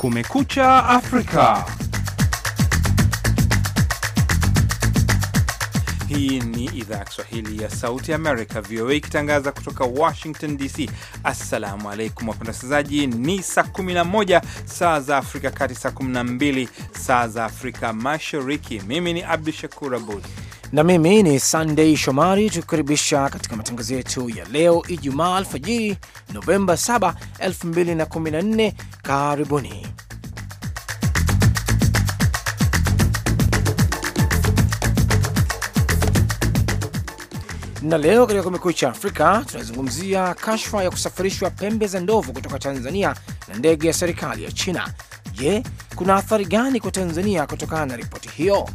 Kumekucha Afrika. Hii ni idhaa ya Kiswahili ya Sauti Amerika, VOA, ikitangaza kutoka Washington DC. Assalamu alaikum wapenda wasikilizaji, ni saa 11 saa za Afrika Kati, saa 12 saa za Afrika Mashariki. Mimi ni Abdu Shakur Abud na mimi ni Sunday Shomari, tukukaribisha katika matangazo yetu ya leo Ijumaa alfajiri Novemba 7, 2014. Karibuni na leo katika Kumekucha Afrika tunazungumzia kashfa ya kusafirishwa pembe za ndovu kutoka Tanzania na ndege ya serikali ya China. Je, kuna athari gani kwa Tanzania kutokana na ripoti hiyo?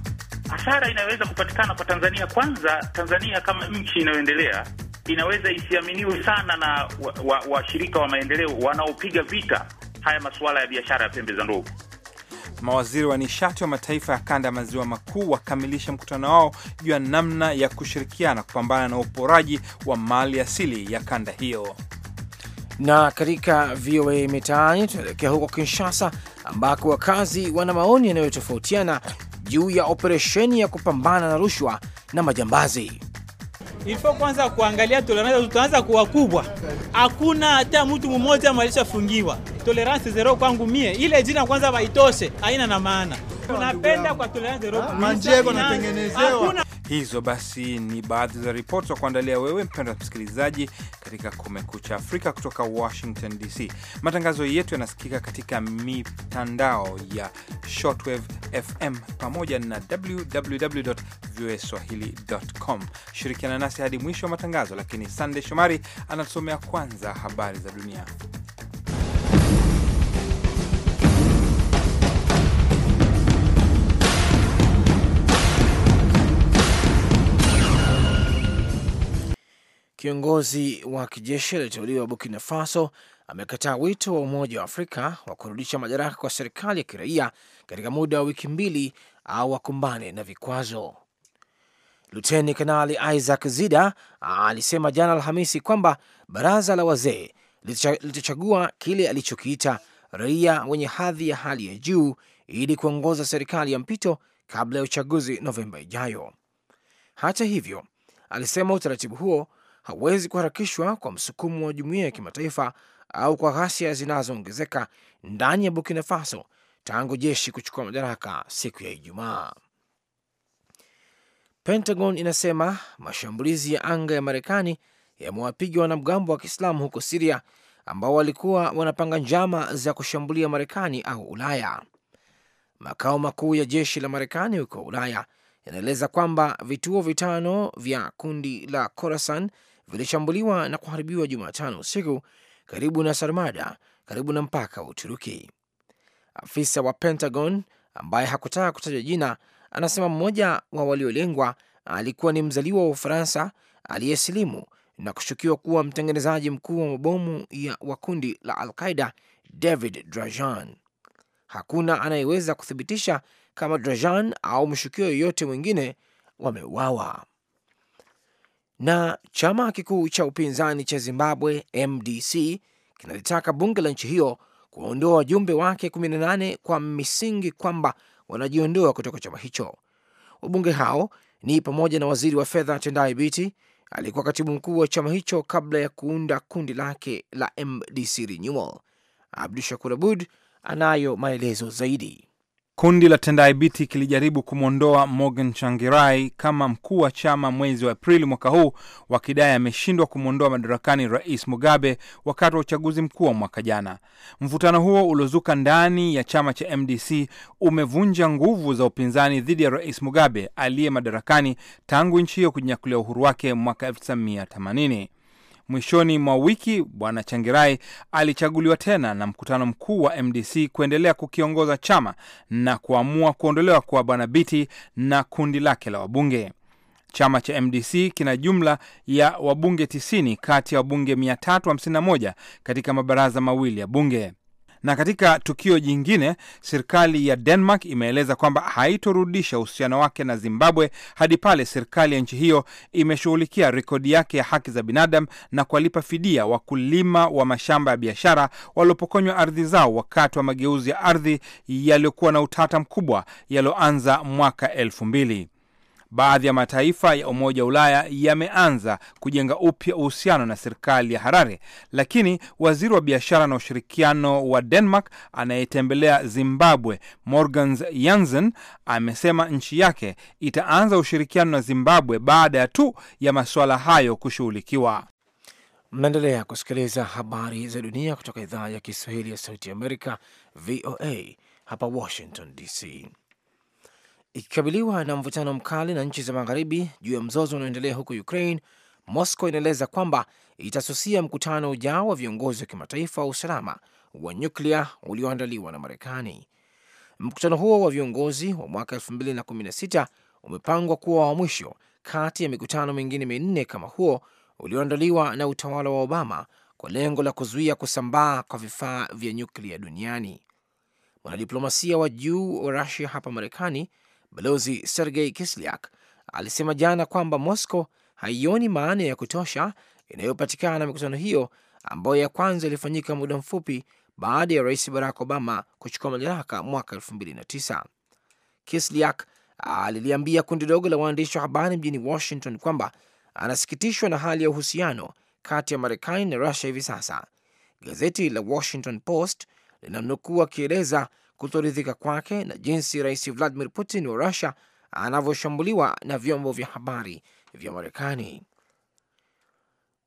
hasara inayoweza kupatikana kwa Tanzania. Kwanza, Tanzania kama nchi inayoendelea inaweza isiaminiwe sana na washirika wa, wa, wa maendeleo wanaopiga vita haya masuala ya biashara ya pembe za ndovu. Mawaziri wa nishati wa mataifa ya kanda ya maziwa makuu wakamilisha mkutano wao juu ya namna ya kushirikiana kupambana na uporaji wa mali asili ya kanda hiyo. Na katika VOA Mitaani tunaelekea huko Kinshasa, ambako wakazi wana maoni yanayotofautiana juu ya operesheni ya kupambana na rushwa na majambazi. Ilifo kwanza kuangalia toleransi, tutaanza kuwa kubwa, hakuna hata mtu mmoja mwalishafungiwa. Tolerance zero kwangu mie, ile jina kwanza waitoshe, haina na maana. Tunapenda kwa toleransi zero, manjego natengenezewa hizo basi ni baadhi za ripoti za kuandalia wewe mpendwa msikilizaji, katika Kumekucha Afrika kutoka Washington DC. Matangazo yetu yanasikika katika mitandao ya shortwave FM pamoja na www voa swahili.com. Shirikiana nasi hadi mwisho wa matangazo, lakini Sandey Shomari anatusomea kwanza habari za dunia. Kiongozi wa kijeshi aliyoteuliwa Burkina Faso amekataa wito wa Umoja wa Afrika wa kurudisha madaraka kwa serikali ya kiraia katika muda wa wiki mbili au wakumbane na vikwazo. Luteni Kanali Isaac Zida alisema jana Alhamisi kwamba baraza la wazee litachagua kile alichokiita raia wenye hadhi ya hali ya juu ili kuongoza serikali ya mpito kabla ya uchaguzi Novemba ijayo. Hata hivyo, alisema utaratibu huo hauwezi kuharakishwa kwa msukumo wa jumuiya ya kimataifa au kwa ghasia zinazoongezeka ndani ya Burkina Faso tangu jeshi kuchukua madaraka siku ya Ijumaa. Pentagon inasema mashambulizi ya anga ya Marekani yamewapiga wanamgambo wa Kiislamu huko Siria ambao walikuwa wanapanga njama za kushambulia Marekani au Ulaya. Makao makuu ya jeshi la Marekani huko Ulaya yanaeleza kwamba vituo vitano vya kundi la Khorasan vilishambuliwa na kuharibiwa Jumatano usiku karibu na Sarmada, karibu na mpaka wa Uturuki. Afisa wa Pentagon ambaye hakutaka kutaja jina anasema mmoja wa waliolengwa alikuwa ni mzaliwa wa Ufaransa aliyesilimu na kushukiwa kuwa mtengenezaji mkuu wa mabomu wa kundi la Al-Qaida David Drajan. Hakuna anayeweza kuthibitisha kama Drajan au mshukio yoyote mwingine wameuawa. Na chama kikuu cha upinzani cha Zimbabwe MDC kinalitaka bunge la nchi hiyo kuwaondoa wajumbe wake 18 kwa misingi kwamba wanajiondoa kutoka chama hicho. Wabunge hao ni pamoja na waziri wa fedha Tendai Biti, aliyekuwa katibu mkuu wa chama hicho kabla ya kuunda kundi lake la MDC Renewal. Abdu Shakur Abud anayo maelezo zaidi. Kundi la Tendai Biti kilijaribu kumwondoa Morgan Changirai kama mkuu wa chama mwezi wa Aprili mwaka huu, wakidai ameshindwa kumwondoa madarakani Rais Mugabe wakati wa uchaguzi mkuu wa mwaka jana. Mvutano huo uliozuka ndani ya chama cha MDC umevunja nguvu za upinzani dhidi ya Rais Mugabe aliye madarakani tangu nchi hiyo kujinyakulia uhuru wake mwaka 1980. Mwishoni mwa wiki Bwana Changirai alichaguliwa tena na mkutano mkuu wa MDC kuendelea kukiongoza chama na kuamua kuondolewa kwa Bwana Biti na kundi lake la wabunge. Chama cha MDC kina jumla ya wabunge 90 kati ya wabunge 351 katika mabaraza mawili ya bunge. Na katika tukio jingine, serikali ya Denmark imeeleza kwamba haitorudisha uhusiano wake na Zimbabwe hadi pale serikali ya nchi hiyo imeshughulikia rekodi yake ya haki za binadamu na kuwalipa fidia wakulima wa mashamba ya biashara waliopokonywa ardhi zao wakati wa mageuzi ya ardhi yaliyokuwa na utata mkubwa yaliyoanza mwaka elfu mbili baadhi ya mataifa ya Umoja wa Ulaya yameanza kujenga upya uhusiano na serikali ya Harare, lakini waziri wa biashara na ushirikiano wa Denmark anayetembelea Zimbabwe, Morgan Jansen, amesema nchi yake itaanza ushirikiano na Zimbabwe baada ya tu ya masuala hayo kushughulikiwa. Mnaendelea kusikiliza habari za dunia kutoka idhaa ya Kiswahili ya Sauti ya Amerika, VOA hapa Washington DC. Ikikabiliwa na mvutano mkali na nchi za magharibi juu ya mzozo unaoendelea huko Ukraine, Moscow inaeleza kwamba itasusia mkutano ujao wa viongozi wa kimataifa wa usalama wa nyuklia ulioandaliwa na Marekani. Mkutano huo wa viongozi wa mwaka 2016 umepangwa kuwa wa mwisho kati ya mikutano mingine minne kama huo ulioandaliwa na utawala wa Obama kwa lengo la kuzuia kusambaa kwa vifaa vya nyuklia duniani. Mwanadiplomasia wa juu wa Rusia hapa Marekani Balozi Sergei kisliak alisema jana kwamba Moscow haioni maana ya kutosha inayopatikana na mikutano hiyo ambayo ya kwanza ilifanyika muda mfupi baada ya rais Barack Obama kuchukua madaraka mwaka 2009. kisliak aliliambia kundi dogo la waandishi wa habari mjini Washington kwamba anasikitishwa na hali ya uhusiano kati ya Marekani na Rusia hivi sasa. Gazeti la Washington Post linamnukuu akieleza kutoridhika kwake na jinsi Rais Vladimir Putin wa Rusia anavyoshambuliwa na vyombo vya habari vya Marekani.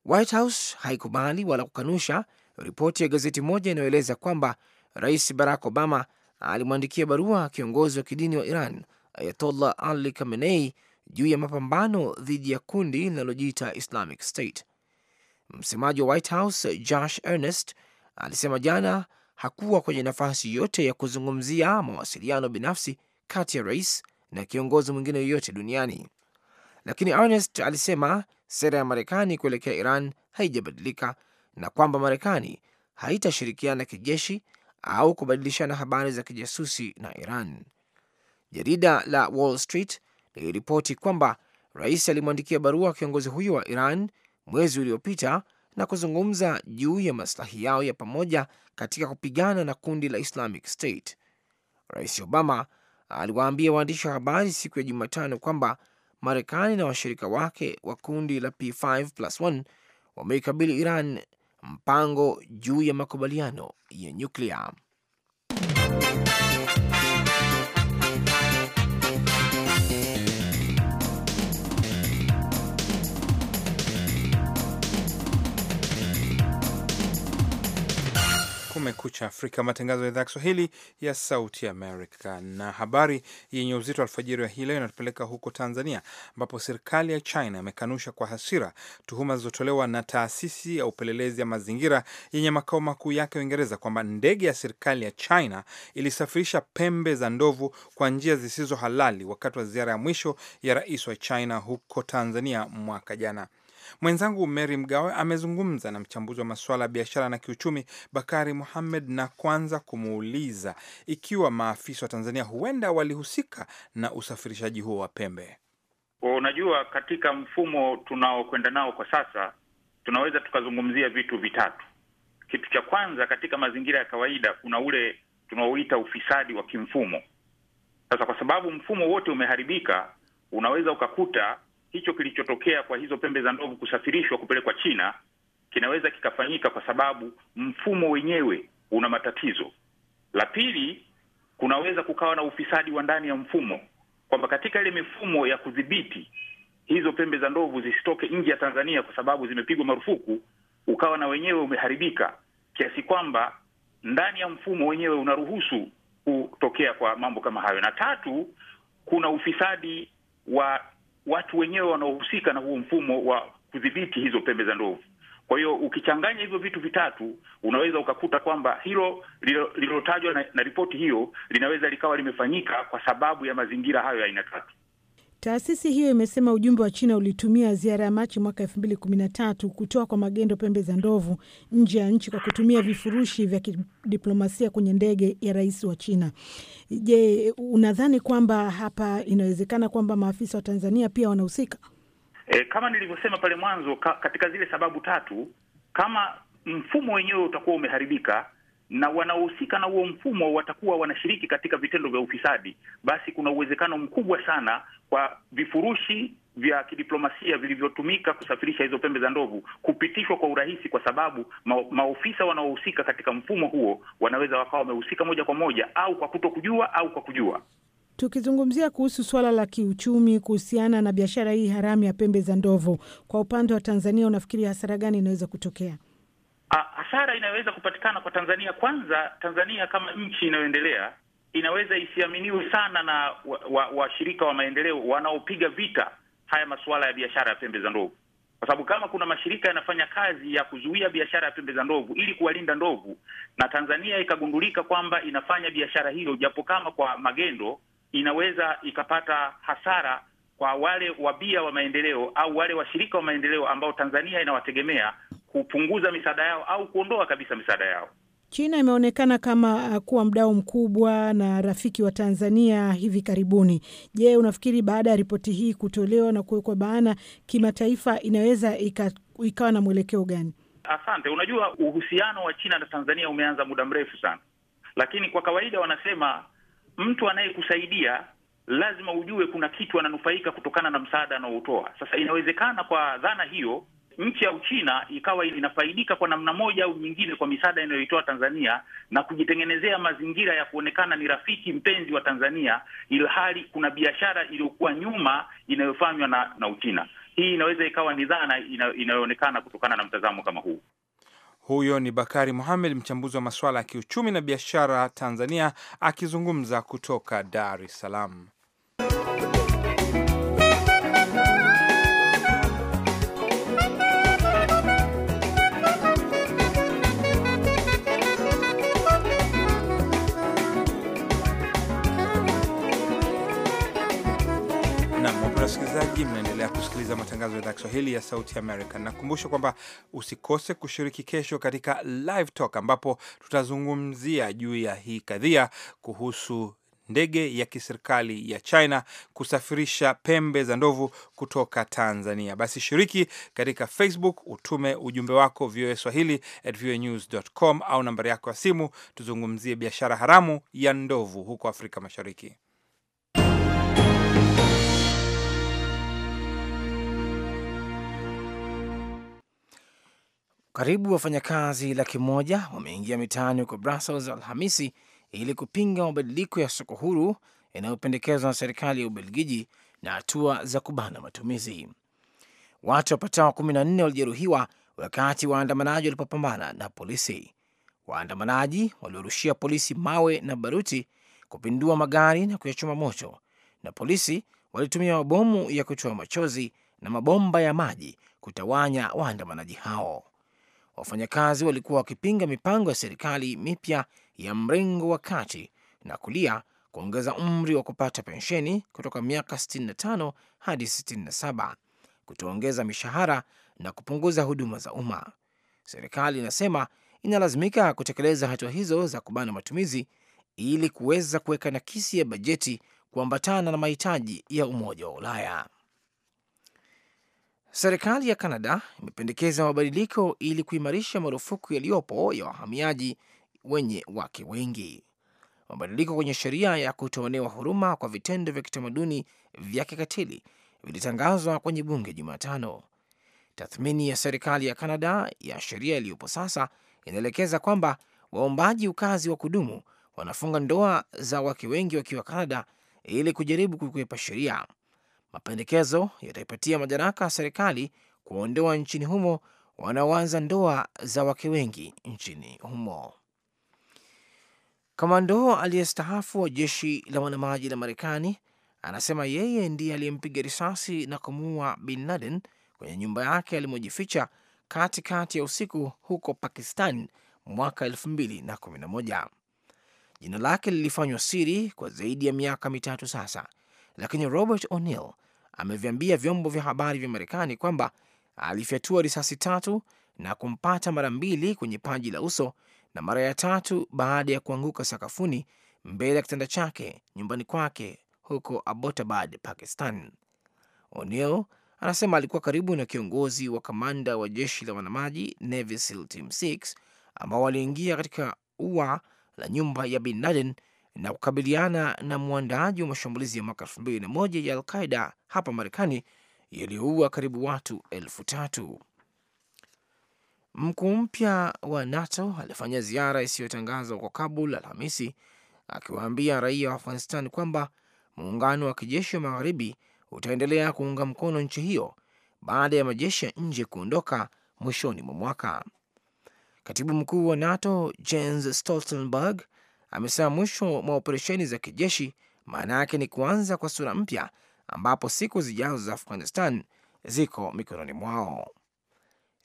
White House haikubali wala kukanusha ripoti ya gazeti moja inayoeleza kwamba Rais Barack Obama alimwandikia barua kiongozi wa kidini wa Iran Ayatollah Ali Khamenei juu ya mapambano dhidi ya kundi linalojiita Islamic State. Msemaji wa White House Josh Earnest alisema jana hakuwa kwenye nafasi yoyote ya kuzungumzia mawasiliano binafsi kati ya rais na kiongozi mwingine yoyote duniani. Lakini Ernest alisema sera ya Marekani kuelekea Iran haijabadilika na kwamba Marekani haitashirikiana kijeshi au kubadilishana habari za kijasusi na Iran. Jarida la Wall Street liliripoti kwamba rais alimwandikia barua kiongozi huyo wa Iran mwezi uliopita na kuzungumza juu ya maslahi yao ya pamoja katika kupigana na kundi la Islamic State. Rais Obama aliwaambia waandishi wa habari siku ya Jumatano kwamba Marekani na washirika wake wa kundi la P5+1 wameikabili Iran mpango juu ya makubaliano ya nyuklia. Kumekucha Afrika, matangazo ya idhaa ya Kiswahili ya Sauti Amerika. Na habari yenye uzito alfajiri ya hii leo inatupeleka huko Tanzania, ambapo serikali ya China imekanusha kwa hasira tuhuma zilizotolewa na taasisi ya upelelezi ya mazingira yenye makao makuu yake Uingereza kwamba ndege ya serikali ya China ilisafirisha pembe za ndovu kwa njia zisizo halali wakati wa ziara ya mwisho ya rais wa China huko Tanzania mwaka jana. Mwenzangu Mary Mgawe amezungumza na mchambuzi wa masuala ya biashara na kiuchumi Bakari Muhamed na kwanza kumuuliza ikiwa maafisa wa Tanzania huenda walihusika na usafirishaji huo wa pembe. Unajua, katika mfumo tunaokwenda nao kwa sasa tunaweza tukazungumzia vitu vitatu. Kitu cha kwanza, katika mazingira ya kawaida kuna ule tunaoita ufisadi wa kimfumo. Sasa kwa sababu mfumo wote umeharibika, unaweza ukakuta hicho kilichotokea kwa hizo pembe za ndovu kusafirishwa kupelekwa China kinaweza kikafanyika kwa sababu mfumo wenyewe una matatizo. La pili, kunaweza kukawa na ufisadi wa ndani ya mfumo, kwamba katika ile mifumo ya kudhibiti hizo pembe za ndovu zisitoke nje ya Tanzania kwa sababu zimepigwa marufuku, ukawa na wenyewe umeharibika kiasi kwamba ndani ya mfumo wenyewe unaruhusu kutokea kwa mambo kama hayo. Na tatu, kuna ufisadi wa watu wenyewe wanaohusika na huo mfumo wa kudhibiti hizo pembe za ndovu. Kwa hiyo ukichanganya hivyo vitu vitatu, unaweza ukakuta kwamba hilo lililotajwa na, na ripoti hiyo linaweza likawa limefanyika kwa sababu ya mazingira hayo ya aina tatu. Taasisi hiyo imesema ujumbe wa China ulitumia ziara ya Machi mwaka elfu mbili kumi na tatu kutoa kwa magendo pembe za ndovu nje ya nchi kwa kutumia vifurushi vya kidiplomasia kwenye ndege ya rais wa China. Je, unadhani kwamba hapa inawezekana kwamba maafisa wa Tanzania pia wanahusika? E, kama nilivyosema pale mwanzo ka, katika zile sababu tatu, kama mfumo wenyewe utakuwa umeharibika na wanaohusika na huo mfumo watakuwa wanashiriki katika vitendo vya ufisadi, basi kuna uwezekano mkubwa sana kwa vifurushi vya kidiplomasia vilivyotumika kusafirisha hizo pembe za ndovu kupitishwa kwa urahisi, kwa sababu ma maofisa wanaohusika katika mfumo huo wanaweza wakawa wamehusika moja kwa moja au kwa kuto kujua au kwa kujua. Tukizungumzia kuhusu suala la kiuchumi kuhusiana na biashara hii haramu ya pembe za ndovu, kwa upande wa Tanzania, unafikiri hasara gani inaweza kutokea? Ah, hasara inayoweza kupatikana kwa Tanzania. Kwanza, Tanzania kama nchi inayoendelea inaweza isiaminiwe sana na washirika wa, wa, wa maendeleo wanaopiga vita haya masuala ya biashara ya pembe za ndovu, kwa sababu kama kuna mashirika yanafanya kazi ya kuzuia biashara ya pembe za ndovu ili kuwalinda ndovu, na Tanzania ikagundulika kwamba inafanya biashara hiyo, japo kama kwa magendo, inaweza ikapata hasara kwa wale wabia wa maendeleo au wale washirika wa maendeleo ambao Tanzania inawategemea kupunguza misaada yao au kuondoa kabisa misaada yao. China imeonekana kama uh, kuwa mdau mkubwa na rafiki wa Tanzania hivi karibuni. Je, unafikiri baada ya ripoti hii kutolewa na kuwekwa bayana kimataifa inaweza ikawa na mwelekeo gani? Asante. Unajua, uhusiano wa China na Tanzania umeanza muda mrefu sana, lakini kwa kawaida wanasema mtu anayekusaidia lazima ujue kuna kitu ananufaika kutokana na msaada anaoutoa. Sasa inawezekana kwa dhana hiyo nchi ya Uchina ikawa inafaidika kwa namna moja au nyingine kwa misaada inayoitoa Tanzania na kujitengenezea mazingira ya kuonekana ni rafiki mpenzi wa Tanzania, ilhali kuna biashara iliyokuwa nyuma inayofanywa na, na Uchina. Hii inaweza ikawa ni dhana inayoonekana kutokana na mtazamo kama huu. Huyo ni Bakari muhamed mchambuzi wa masuala ya kiuchumi na biashara Tanzania, akizungumza kutoka Dar es Salaam. msikilizaji, mnaendelea kusikiliza matangazo ya idhaa Kiswahili ya Sauti Amerika. Nakumbusha kwamba usikose kushiriki kesho katika Live Talk ambapo tutazungumzia juu ya hii kadhia kuhusu ndege ya kiserikali ya China kusafirisha pembe za ndovu kutoka Tanzania. Basi shiriki katika Facebook, utume ujumbe wako VOA Swahili at voanews.com au nambari yako ya simu, tuzungumzie biashara haramu ya ndovu huko Afrika Mashariki. Karibu wafanyakazi laki moja wameingia mitaani huko Brussels Alhamisi ili kupinga mabadiliko ya soko huru yanayopendekezwa na serikali ya Ubelgiji na hatua za kubana matumizi. Watu wapatao kumi na nne walijeruhiwa wakati waandamanaji walipopambana na polisi. Waandamanaji waliorushia polisi mawe na baruti, kupindua magari na kuyachoma moto, na polisi walitumia mabomu ya kutoa machozi na mabomba ya maji kutawanya waandamanaji hao wafanyakazi walikuwa wakipinga mipango ya serikali mipya ya mrengo wa kati na kulia kuongeza umri wa kupata pensheni kutoka miaka 65 hadi 67, kutoongeza mishahara na kupunguza huduma za umma. Serikali inasema inalazimika kutekeleza hatua hizo za kubana matumizi ili kuweza kuweka nakisi ya bajeti kuambatana na mahitaji ya Umoja wa Ulaya. Serikali ya Kanada imependekeza mabadiliko ili kuimarisha marufuku yaliyopo ya wahamiaji wenye wake wengi. Mabadiliko kwenye sheria ya kutoonewa huruma kwa vitendo vya kitamaduni vya kikatili vilitangazwa kwenye bunge Jumatano. Tathmini ya serikali ya Kanada ya sheria iliyopo sasa inaelekeza kwamba waombaji ukazi wa kudumu wanafunga ndoa za wake wengi wakiwa Kanada ili kujaribu kukwepa sheria Mapendekezo yataipatia madaraka serikali kuondoa nchini humo wanaoanza ndoa za wake wengi nchini humo. Kamando aliyestaafu wa jeshi la wanamaji la Marekani anasema yeye ndiye aliyempiga risasi na kumuua Bin Laden kwenye nyumba yake alimojificha katikati ya usiku huko Pakistan mwaka 2011. Jina lake lilifanywa siri kwa zaidi ya miaka mitatu sasa, lakini Robert O'Neill ameviambia vyombo vya habari vya Marekani kwamba alifyatua risasi tatu na kumpata mara mbili kwenye paji la uso na mara ya tatu baada ya kuanguka sakafuni mbele ya kitanda chake nyumbani kwake huko Abbottabad, Pakistan. O'Neill anasema alikuwa karibu na kiongozi wa kamanda wa jeshi la wanamaji Navy SEAL Team 6 ambao waliingia katika ua la nyumba ya Bin Laden na kukabiliana na mwandaaji wa mashambulizi ya mwaka elfu mbili na moja ya Alqaida hapa Marekani yaliyoua karibu watu elfu tatu. Mkuu mpya wa NATO alifanya ziara isiyotangazwa kwa Kabul Alhamisi, akiwaambia raia wa Afghanistan kwamba muungano wa kijeshi wa magharibi utaendelea kuunga mkono nchi hiyo baada ya majeshi ya nje kuondoka mwishoni mwa mwaka. Katibu mkuu wa NATO Jens Stoltenberg amesema mwisho mwa operesheni za kijeshi maana yake ni kuanza kwa sura mpya, ambapo siku zijazo za Afghanistan ziko mikononi mwao.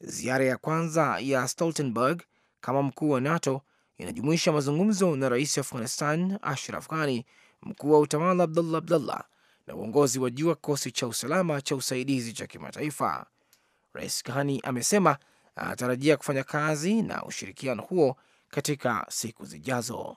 Ziara ya kwanza ya Stoltenberg kama mkuu wa NATO inajumuisha mazungumzo na rais wa Afghanistan Ashraf Ghani, mkuu wa utawala Abdullah Abdullah na uongozi wa juu wa kikosi cha usalama cha usaidizi cha kimataifa. Rais Ghani amesema anatarajia kufanya kazi na ushirikiano huo katika siku zijazo.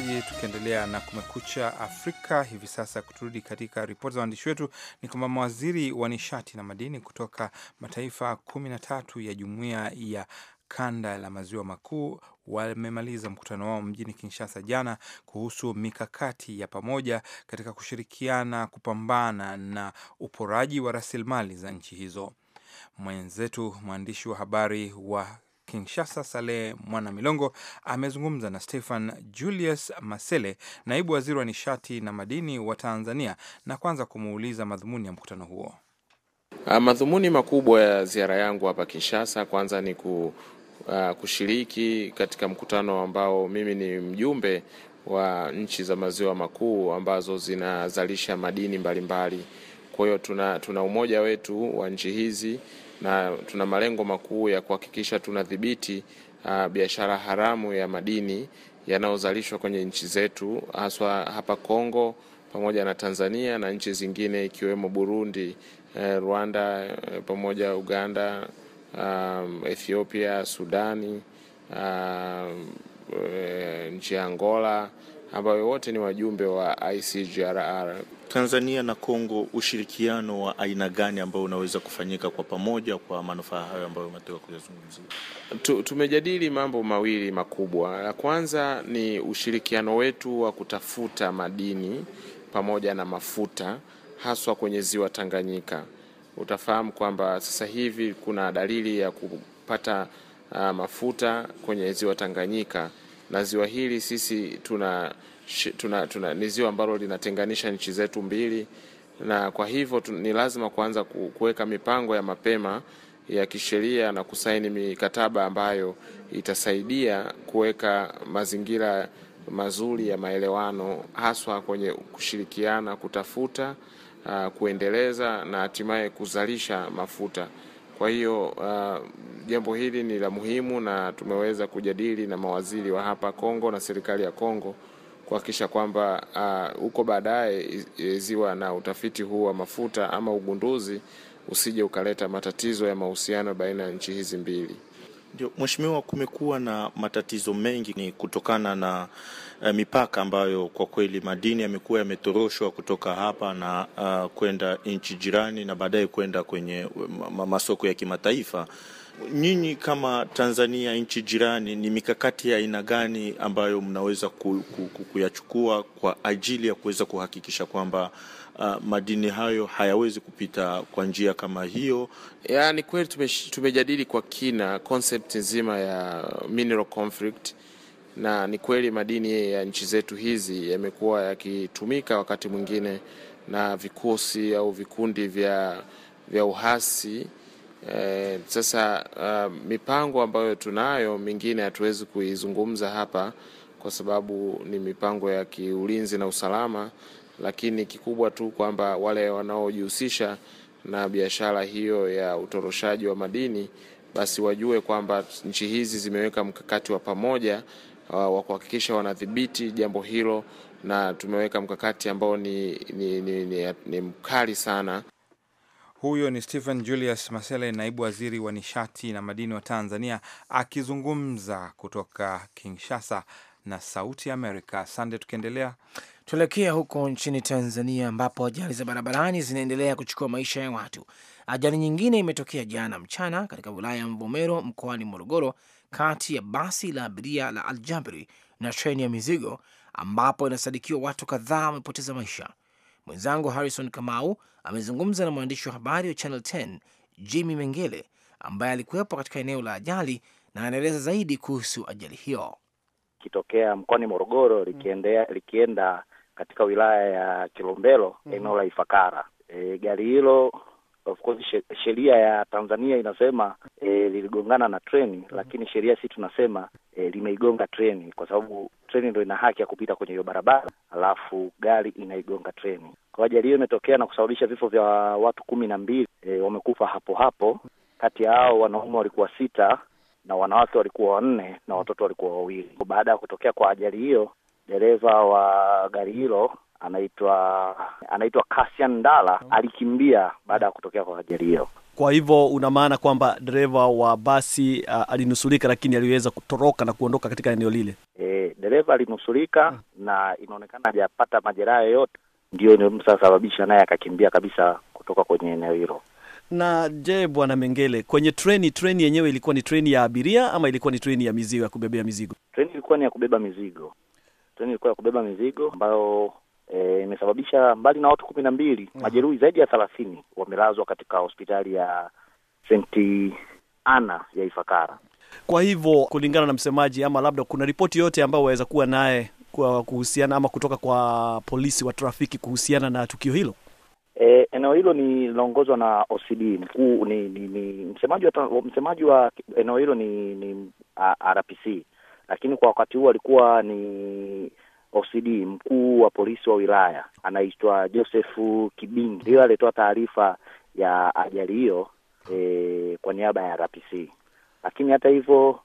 msikilizaji, tukiendelea na Kumekucha Afrika hivi sasa, kuturudi katika ripoti za waandishi wetu ni kwamba mawaziri wa nishati na madini kutoka mataifa kumi na tatu ya jumuiya ya kanda la maziwa makuu wamemaliza mkutano wao mjini Kinshasa jana kuhusu mikakati ya pamoja katika kushirikiana kupambana na uporaji wa rasilimali za nchi hizo. Mwenzetu mwandishi wa habari wa Kinshasa, Saleh Mwana Milongo amezungumza na Stefan Julius Masele, naibu waziri wa nishati na madini wa Tanzania, na kwanza kumuuliza madhumuni ya mkutano huo. Ah, madhumuni makubwa ya ziara yangu hapa Kinshasa kwanza ni ku, uh, kushiriki katika mkutano ambao mimi ni mjumbe wa nchi za maziwa makuu ambazo zinazalisha madini mbalimbali. Kwa hiyo tuna, tuna umoja wetu wa nchi hizi na tuna malengo makuu ya kuhakikisha tunadhibiti uh, biashara haramu ya madini yanayozalishwa kwenye nchi zetu haswa hapa Kongo pamoja na Tanzania na nchi zingine ikiwemo Burundi, eh, Rwanda eh, pamoja Uganda, um, Ethiopia, Sudani, um, e, nchi ya Angola ambayo wote ni wajumbe wa ICGRR. Tanzania na Kongo, ushirikiano wa aina gani ambao unaweza kufanyika kwa pamoja kwa manufaa hayo ambayo umetoka kuyazungumzia? Tumejadili mambo mawili makubwa. La kwanza ni ushirikiano wetu wa kutafuta madini pamoja na mafuta haswa kwenye ziwa Tanganyika. Utafahamu kwamba sasa hivi kuna dalili ya kupata uh, mafuta kwenye ziwa Tanganyika na ziwa hili sisi tuna tuna, tuna, ni ziwa ambalo linatenganisha nchi zetu mbili, na kwa hivyo ni lazima kuanza kuweka mipango ya mapema ya kisheria na kusaini mikataba ambayo itasaidia kuweka mazingira mazuri ya maelewano haswa kwenye kushirikiana, kutafuta uh, kuendeleza na hatimaye kuzalisha mafuta. Kwa hiyo uh, jambo hili ni la muhimu na tumeweza kujadili na mawaziri wa hapa Kongo na serikali ya Kongo kuhakikisha kwamba uh, huko baadaye ziwa na utafiti huu wa mafuta ama ugunduzi usije ukaleta matatizo ya mahusiano baina ya nchi hizi mbili. Ndio, Mheshimiwa, kumekuwa na matatizo mengi ni kutokana na uh, mipaka ambayo kwa kweli madini yamekuwa yametoroshwa kutoka hapa na uh, kwenda nchi jirani na baadaye kwenda kwenye masoko ya kimataifa nyinyi kama Tanzania, nchi jirani, ni mikakati ya aina gani ambayo mnaweza kuyachukua kwa ajili ya kuweza kuhakikisha kwamba uh, madini hayo hayawezi kupita kwa njia kama hiyo? Yani ni kweli tume, tumejadili kwa kina concept nzima ya mineral conflict na ni kweli madini ya nchi zetu hizi yamekuwa yakitumika wakati mwingine na vikosi au vikundi vya, vya uhasi Eh, sasa uh, mipango ambayo tunayo mingine hatuwezi kuizungumza hapa kwa sababu ni mipango ya kiulinzi na usalama, lakini kikubwa tu kwamba wale wanaojihusisha na biashara hiyo ya utoroshaji wa madini basi wajue kwamba nchi hizi zimeweka mkakati wa pamoja wa kuhakikisha wanadhibiti jambo hilo, na tumeweka mkakati ambao ni, ni, ni, ni, ni mkali sana. Huyo ni Stephen Julius Masele, naibu waziri wa nishati na madini wa Tanzania, akizungumza kutoka Kinshasa na Sauti Amerika. sande Tukiendelea, tuelekea huko nchini Tanzania ambapo ajali za barabarani zinaendelea kuchukua maisha ya watu. Ajali nyingine imetokea jana mchana katika wilaya ya Mvomero mkoani Morogoro, kati ya basi la abiria la Aljabri na treni ya mizigo, ambapo inasadikiwa watu kadhaa wamepoteza maisha. Mwenzangu Harrison Kamau amezungumza na mwandishi wa habari wa Channel 10 Jimmy Mengele ambaye alikuwepo katika eneo la ajali na anaeleza zaidi kuhusu ajali hiyo ikitokea mkoani Morogoro mm. likiendea, likienda katika wilaya ya Kilombero mm. eneo la Ifakara. E, gari hilo of course sheria ya Tanzania inasema e, liligongana na treni, mhm. lakini sheria si tunasema e, limeigonga treni, kwa sababu treni ndio ina haki ya kupita kwenye hiyo barabara, alafu gari inaigonga treni. Kwa ajali hiyo imetokea na kusababisha vifo vya watu kumi na mbili, e, wamekufa hapo hapo. Kati ya hao wanaume walikuwa sita na wanawake walikuwa wanne na watoto walikuwa wawili. Baada ya kutokea kwa ajali hiyo, dereva wa gari hilo anaitwa anaitwa Cassian Ndala alikimbia baada ya kutokea kwa ajali hiyo. Kwa hivyo una maana kwamba dereva wa basi uh, alinusurika, lakini aliweza kutoroka na kuondoka katika eneo lile. E, dereva alinusurika hmm, na inaonekana hajapata majeraha yoyote, ndio inayomsababisha naye akakimbia kabisa kutoka kwenye eneo hilo. Na je, bwana Mengele, kwenye treni, treni yenyewe ilikuwa ni treni ya abiria ama ilikuwa ni treni ya mizigo, ya kubebea mizigo? Treni ilikuwa ni ya kubeba mizigo, treni ilikuwa ya kubeba mizigo ambayo E, imesababisha e, mbali na watu kumi na mbili mm. majeruhi zaidi ya thelathini wamelazwa katika hospitali ya St Ana ya Ifakara. Kwa hivyo kulingana na msemaji, ama labda kuna ripoti yote ambayo waweza kuwa naye kuhusiana ama kutoka kwa polisi wa trafiki kuhusiana na tukio hilo? E, eneo hilo ni linaongozwa na OCD mkuu ni, ni, ni msemaji wa msemaji wa eneo hilo ni, ni RPC, lakini kwa wakati huo alikuwa ni OCD mkuu wa polisi wa wilaya anaitwa Joseph Kibingi, ndiyo alitoa taarifa ya ajali hiyo e, kwa niaba ya RPC. Lakini hata hivyo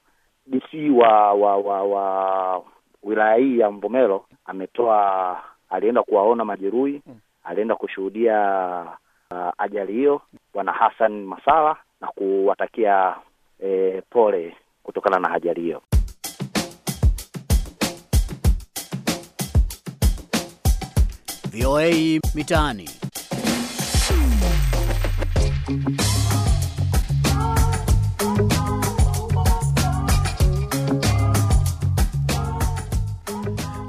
DC wa wa wa, wa wilaya hii ya Mvomero ametoa, alienda kuwaona majeruhi, alienda kushuhudia uh, ajali hiyo, bwana Hassan Masala na kuwatakia e, pole kutokana na ajali hiyo. VOA Mitaani.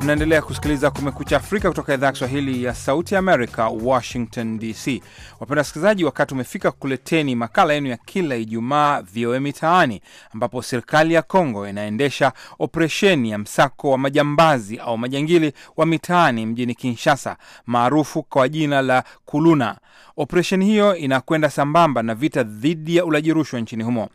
Mnaendelea kusikiliza Kumekucha Afrika kutoka idhaa ya Kiswahili ya Sauti Amerika, Washington DC. Wapenda wasikilizaji, wakati umefika kuleteni makala yenu ya kila Ijumaa, VOA Mitaani, ambapo serikali ya Kongo inaendesha operesheni ya msako wa majambazi au majangili wa mitaani mjini Kinshasa, maarufu kwa jina la Kuluna. Operesheni hiyo inakwenda sambamba na vita dhidi ya ulaji rushwa nchini humo.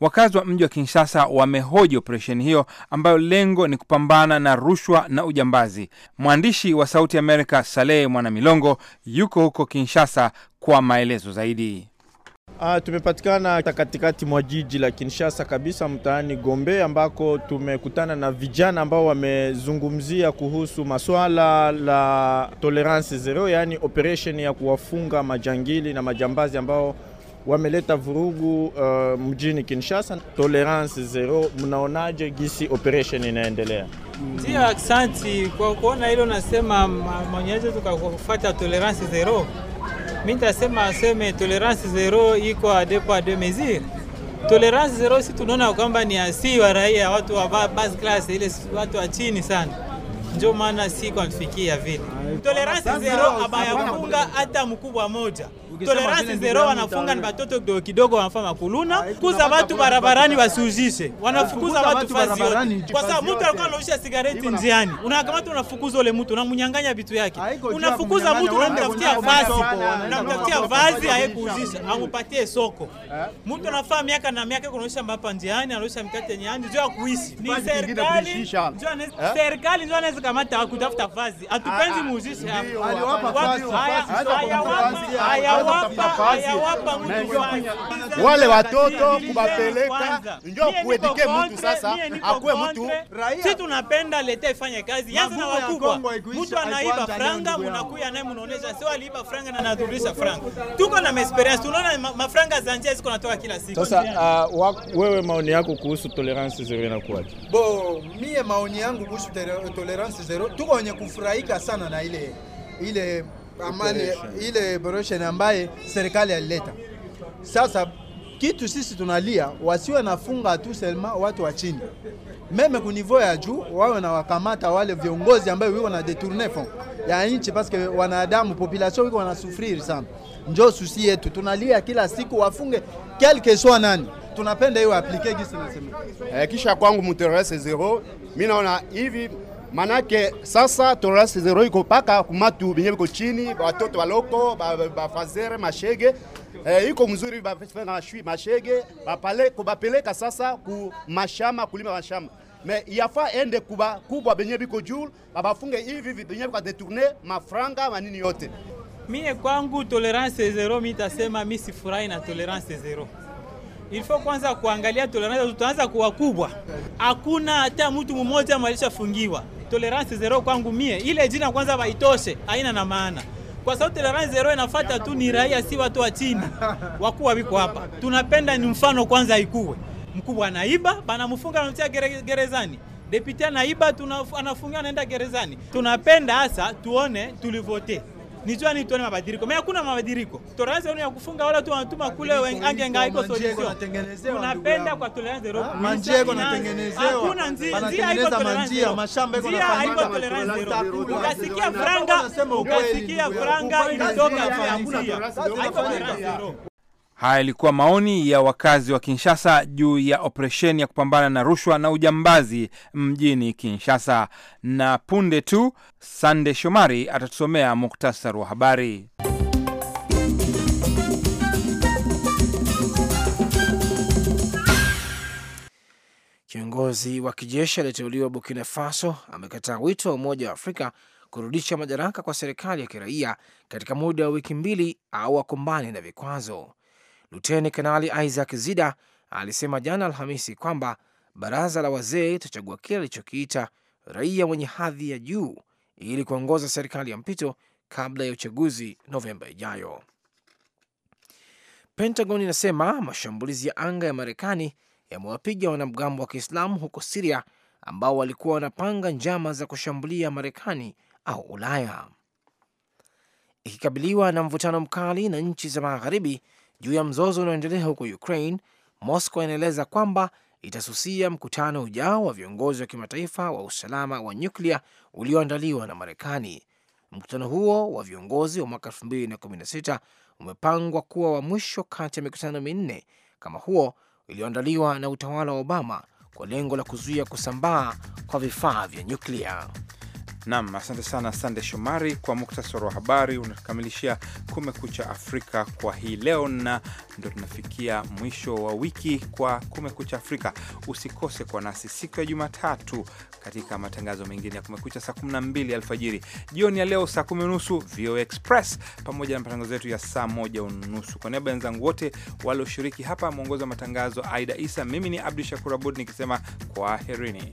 Wakazi wa mji wa Kinshasa wamehoji operesheni hiyo ambayo lengo ni kupambana na rushwa na ujambazi. Mwandishi wa Sauti Amerika Saleh Mwanamilongo yuko huko Kinshasa kwa maelezo zaidi. Uh, tumepatikana katikati mwa jiji la Kinshasa kabisa mtaani Gombe ambako tumekutana na vijana ambao wamezungumzia kuhusu masuala la tolerance zero, yaani operation ya kuwafunga majangili na majambazi ambao wameleta vurugu uh, mjini Kinshasa. Tolerance zero, mnaonaje gisi operation inaendelea? Ndio, asanti kwa kuona hilo, nasema maonyesho tukafuata tolerance zero mimi nitasema aseme tolerance zero iko adepo ade poids Tolerance zero si tunaona kwamba ni asii wa raia, watu wa bas class, ile watu wa chini sana, ndio maana si kwa mfikia vile. Tolerance zero abayafunga hata mkubwa moja tolerance zero wanafunga ni batoto kidogo kidogo, wanafa makuluna ah, kuza batu barabarani, wasuzishe ah, wanafukuza batu fazi, kwa sababu mtu alikuwa anaosha sigareti njiani, unakamata unafukuza ule mtu, unamnyang'anya vitu yake, ah, unafukuza mtu, unamtafutia vazi, unamtafutia vazi ayekuuzisha, amupatie soko. Eh? Mtu anafaa miaka na miaka kunaosha mbapa njiani, anaosha mkate njiani, jua kuishi ni serikali, eh? serikali ndio anaweza kamata akutafuta vazi, atupenzi muuzishe hapa wale watoto kubapeleka njo kuedike mtu sasa akuwe mtu si tunapenda lete ifanye kazi yanza na wakubwa. Mtu anaiba franga, munakuya naye mnaonesha, sio aliiba franga na anarudisha franga. Tuko na experience, tunaona mafranga za njia ziko natoka kila siku. Sasa uh, wewe maoni yako kuhusu tolerance zero inakuwaje? Bo, mie maoni yangu kuhusu tolerance zero, tuko wenye kufurahika sana na ile ile amani ile boreshen ambaye serikali alileta. Sasa kitu sisi tunalia wasiwe nafunga tu selma watu wa chini, meme kunivo ya juu wawe na wakamata wale viongozi ambao wiko na detourne fond ya nchi, paske wanadamu population wiko wanasufriri sana. Njo susi yetu tunalia kila siku, wafunge quelque soit nani tunapenda hiyo aplike gisi nasema eh, kisha kwangu muterese zero, mi naona hivi manake sasa torasizero iko paka kumatu binye biko chini batoto baloko bafazere mashege eh, iko mzuri shui mashege bapale kubapeleka sasa ku mashama kulima mashama me yafa ende kuba kubwa benye biko juu babafunge hivi hivi benye biko detourne mafranga manini yote. Mie kwangu tolerance zero, mi tasema mi sifurahi na tolerance zero. Il faut kwanza kuangalia tolerance, tutaanza kuwa kubwa, hakuna hata mtu mmoja fungiwa tolerance zero kwangu mie, ile jina kwanza waitoshe, haina na maana kwa sababu tolerance zero inafuata tu ni raia, si watu wa chini. Wakuu wiko hapa, tunapenda ni mfano kwanza ikuwe mkubwa anaiba mfunga anamtia gere, gerezani. Deputy anaiba, tunafunga anaenda gerezani. Tunapenda hasa tuone tulivote nijua ni tuone mabadiliko. Mimi hakuna mabadiliko. Tolerance yenu ya kufunga wala tu wanatuma kule ange ngai iko solution. Unapenda kwa tolerance zero. Manjia iko natengenezewa. Hakuna njia iko tolerance. Mashamba iko nafanyika tolerance zero. Ukasikia franga, ukasikia franga ilitoka kwa njia. Haiko tolerance zero. Haya yalikuwa maoni ya wakazi wa Kinshasa juu ya operesheni ya kupambana na rushwa na ujambazi mjini Kinshasa. Na punde tu Sande Shomari atatusomea muktasar wa habari. Kiongozi wa kijeshi aliyeteuliwa Burkina Faso amekataa wito wa Umoja wa Afrika kurudisha madaraka kwa serikali ya kiraia katika muda wa wiki mbili au akumbane na vikwazo. Luteni Kanali Isaac Zida alisema jana Alhamisi kwamba baraza la wazee itachagua kile alichokiita raia wenye hadhi ya juu ili kuongoza serikali ya mpito kabla ya uchaguzi Novemba ijayo. Pentagon inasema mashambulizi ya anga ya Marekani yamewapiga wanamgambo wa Kiislamu huko Siria ambao walikuwa wanapanga njama za kushambulia Marekani au Ulaya. Ikikabiliwa na mvutano mkali na nchi za Magharibi juu ya mzozo unaoendelea huko Ukraine, Moscow inaeleza kwamba itasusia mkutano ujao wa viongozi wa kimataifa wa usalama wa nyuklia ulioandaliwa na Marekani. Mkutano huo wa viongozi wa mwaka 216 umepangwa kuwa wa mwisho kati ya mikutano minne kama huo iliyoandaliwa na utawala wa Obama kwa lengo la kuzuia kusambaa kwa vifaa vya nyuklia. Nam, asante sana Sande Shomari kwa muktasari wa habari. Unakamilishia Kumekucha Afrika kwa hii leo, na ndo tunafikia mwisho wa wiki kwa Kumekucha Afrika. Usikose kwa nasi siku ya Jumatatu katika matangazo mengine ya Kumekucha saa 12 alfajiri, jioni ya leo saa kumi unusu VOA Express, pamoja na matangazo yetu ya saa moja unusu. Kwa niaba ya wenzangu wote walioshiriki hapa, mwongozi wa matangazo Aida Isa, mimi ni Abdu Shakur Abud nikisema kwaherini.